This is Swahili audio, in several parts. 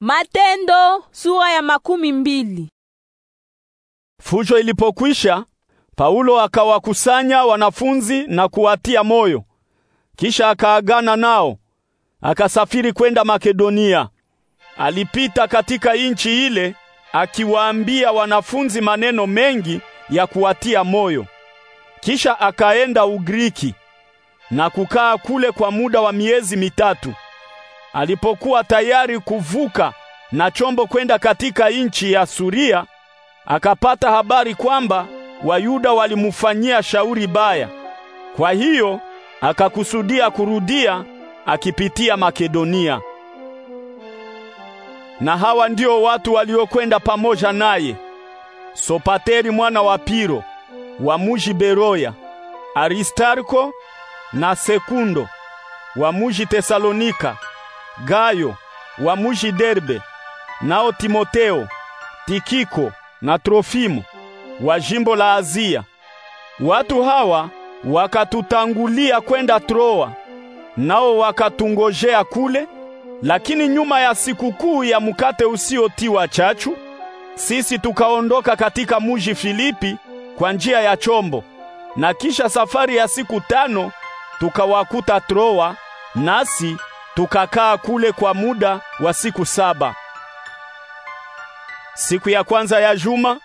Matendo sura ya makumi mbili. Fujo ilipokwisha, Paulo akawakusanya wanafunzi na kuwatia moyo. Kisha akaagana nao, akasafiri kwenda Makedonia. Alipita katika nchi ile akiwaambia wanafunzi maneno mengi ya kuwatia moyo. Kisha akaenda Ugiriki na kukaa kule kwa muda wa miezi mitatu. Alipokuwa tayari kuvuka na chombo kwenda katika nchi ya Suria, akapata habari kwamba Wayuda walimufanyia shauri baya. Kwa hiyo akakusudia kurudia akipitia Makedonia. Na hawa ndio watu waliokwenda pamoja naye: Sopateri mwana wa Piro wa muji Beroya, Aristarko na Sekundo wa muji Tesalonika, Gayo wa muji Derbe, nao Timoteo, Tikiko na Trofimo wa jimbo la Azia. Watu hawa wakatutangulia kwenda Troa, nao wakatungojea kule. Lakini nyuma ya sikukuu ya mkate usiotiwa chachu, sisi tukaondoka katika muji Filipi kwa njia ya chombo, na kisha safari ya siku tano tukawakuta Troa, nasi Tukakaa kule kwa muda wa siku saba. Siku ya kwanza ya juma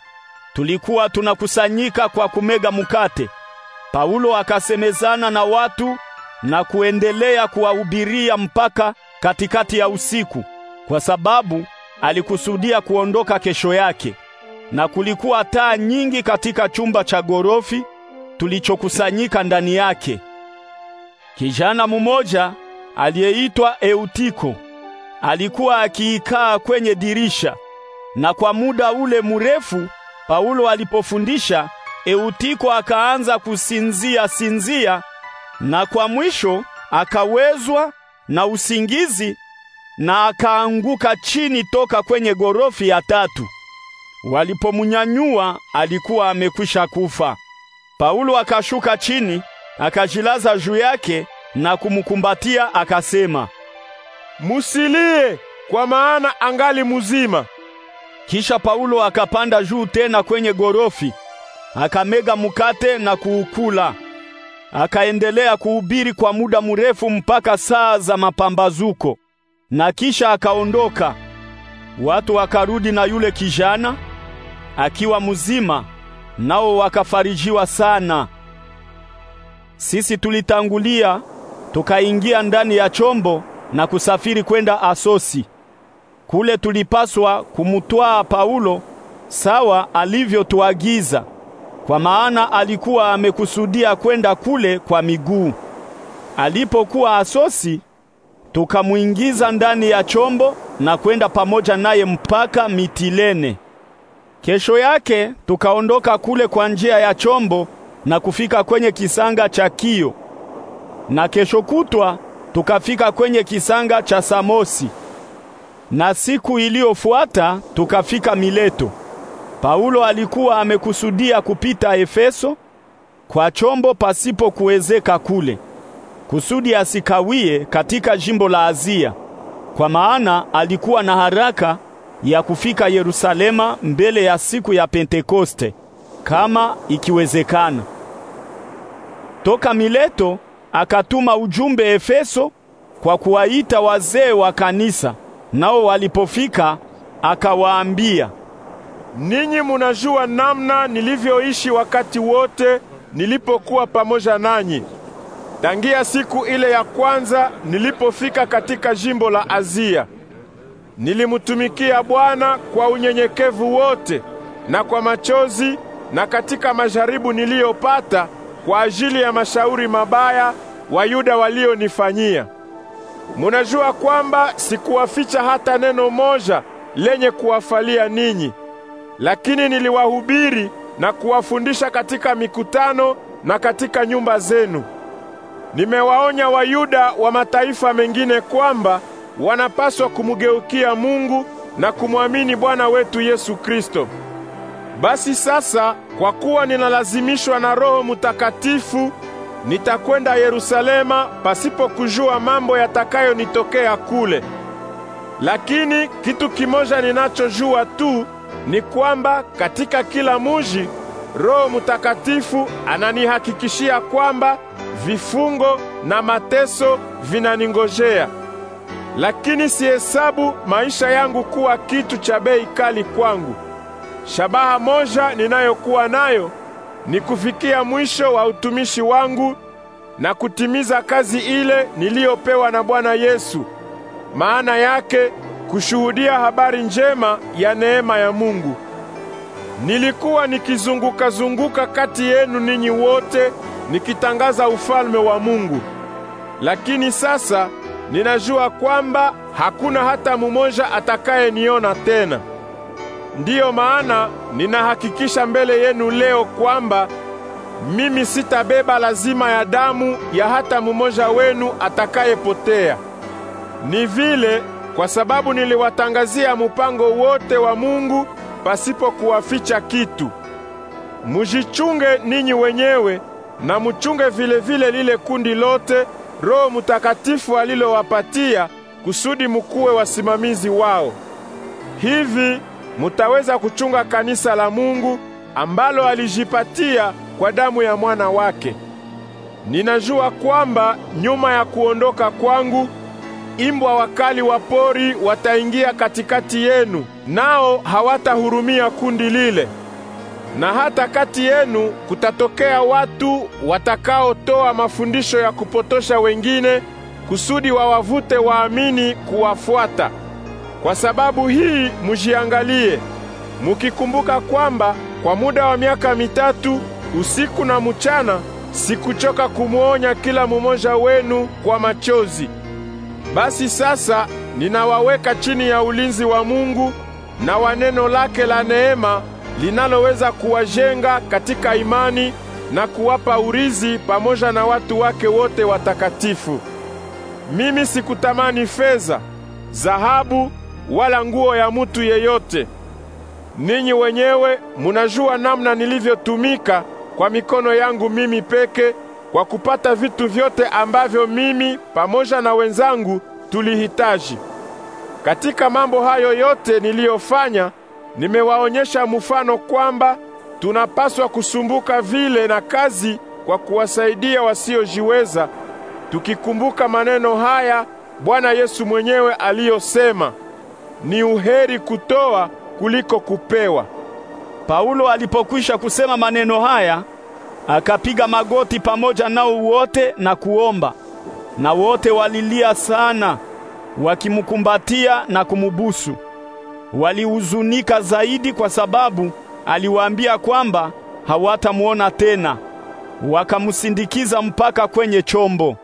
tulikuwa tunakusanyika kwa kumega mukate Paulo akasemezana na watu na kuendelea kuwahubiria mpaka katikati ya usiku, kwa sababu alikusudia kuondoka kesho yake. Na kulikuwa taa nyingi katika chumba cha gorofi tulichokusanyika ndani yake. Kijana mmoja aliyeitwa Eutiko alikuwa akiikaa kwenye dirisha, na kwa muda ule mrefu Paulo alipofundisha, Eutiko akaanza kusinzia sinzia, na kwa mwisho akawezwa na usingizi na akaanguka chini toka kwenye gorofi ya tatu. Walipomnyanyua alikuwa amekwisha kufa. Paulo akashuka chini, akajilaza juu yake na kumkumbatia akasema, musilie, kwa maana angali mzima. Kisha Paulo akapanda juu tena kwenye gorofi, akamega mkate na kuukula. Akaendelea kuhubiri kwa muda mrefu mpaka saa za mapambazuko, na kisha akaondoka. Watu wakarudi na yule kijana akiwa mzima, nao wakafarijiwa sana. Sisi tulitangulia tukaingia ndani ya chombo na kusafiri kwenda Asosi. Kule tulipaswa kumutwaa Paulo sawa alivyotuagiza, kwa maana alikuwa amekusudia kwenda kule kwa miguu. Alipokuwa Asosi, tukamwingiza ndani ya chombo na kwenda pamoja naye mpaka Mitilene. Kesho yake tukaondoka kule kwa njia ya chombo na kufika kwenye kisanga cha Kio na kesho kutwa tukafika kwenye kisanga cha Samosi, na siku iliyofuata tukafika Mileto. Paulo alikuwa amekusudia kupita Efeso kwa chombo pasipo kuwezeka kule, kusudi asikawie katika jimbo la Azia, kwa maana alikuwa na haraka ya kufika Yerusalema mbele ya siku ya Pentekoste kama ikiwezekana. Toka Mileto akatuma ujumbe Efeso kwa kuwaita wazee wa kanisa. Nao walipofika akawaambia, ninyi munajua namna nilivyoishi wakati wote nilipokuwa pamoja nanyi tangia siku ile ya kwanza nilipofika katika jimbo la Azia. Nilimutumikia Bwana kwa unyenyekevu wote na kwa machozi, na katika majaribu niliyopata kwa ajili ya mashauri mabaya Wayuda walionifanyia. Munajua kwamba sikuwaficha hata neno moja lenye kuwafalia ninyi, lakini niliwahubiri na kuwafundisha katika mikutano na katika nyumba zenu. Nimewaonya Wayuda wa mataifa mengine kwamba wanapaswa kumgeukia Mungu na kumwamini Bwana wetu Yesu Kristo. Basi sasa, kwa kuwa ninalazimishwa na Roho Mutakatifu, nitakwenda Yerusalema pasipo kujua mambo yatakayonitokea kule. Lakini kitu kimoja ninachojua tu ni kwamba katika kila muji Roho Mutakatifu ananihakikishia kwamba vifungo na mateso vinaningojea. Lakini sihesabu maisha yangu kuwa kitu cha bei kali kwangu. Shabaha moja ninayokuwa nayo ni kufikia mwisho wa utumishi wangu na kutimiza kazi ile niliyopewa na Bwana Yesu. Maana yake kushuhudia habari njema ya neema ya Mungu. Nilikuwa nikizunguka zunguka kati yenu ninyi wote nikitangaza ufalme wa Mungu. Lakini sasa ninajua kwamba hakuna hata mmoja atakayeniona tena. Ndiyo maana ninahakikisha mbele yenu leo kwamba mimi sitabeba lazima ya damu ya hata mmoja wenu atakayepotea. Ni vile kwa sababu niliwatangazia mupango wote wa Mungu pasipo kuwaficha kitu. Mujichunge ninyi wenyewe na muchunge vile vile lile kundi lote Roho Mutakatifu alilowapatia kusudi mukuwe wasimamizi wao. Hivi mutaweza kuchunga kanisa la Mungu ambalo alijipatia kwa damu ya mwana wake. Ninajua kwamba nyuma ya kuondoka kwangu imbwa wakali wa pori wataingia katikati yenu, nao hawatahurumia kundi lile. Na hata kati yenu kutatokea watu watakaotoa mafundisho ya kupotosha wengine kusudi wawavute waamini kuwafuata. Kwa sababu hii mujiangalie, mukikumbuka kwamba kwa muda wa miaka mitatu usiku na mchana sikuchoka kumwonya kila mumoja wenu kwa machozi. Basi sasa ninawaweka chini ya ulinzi wa Mungu na wa neno lake la neema linaloweza kuwajenga katika imani na kuwapa urizi pamoja na watu wake wote watakatifu. Mimi sikutamani fedha, dhahabu wala nguo ya mutu yeyote. Ninyi wenyewe munajua namna nilivyotumika kwa mikono yangu mimi peke kwa kupata vitu vyote ambavyo mimi pamoja na wenzangu tulihitaji. Katika mambo hayo yote niliyofanya, nimewaonyesha mfano kwamba tunapaswa kusumbuka vile na kazi kwa kuwasaidia wasiojiweza, tukikumbuka maneno haya Bwana Yesu mwenyewe aliyosema, ni uheri kutoa kuliko kupewa. Paulo alipokwisha kusema maneno haya, akapiga magoti pamoja nao wote na kuomba, na wote walilia sana, wakimkumbatia na kumubusu. Walihuzunika zaidi kwa sababu aliwaambia kwamba hawatamwona tena, wakamsindikiza mpaka kwenye chombo.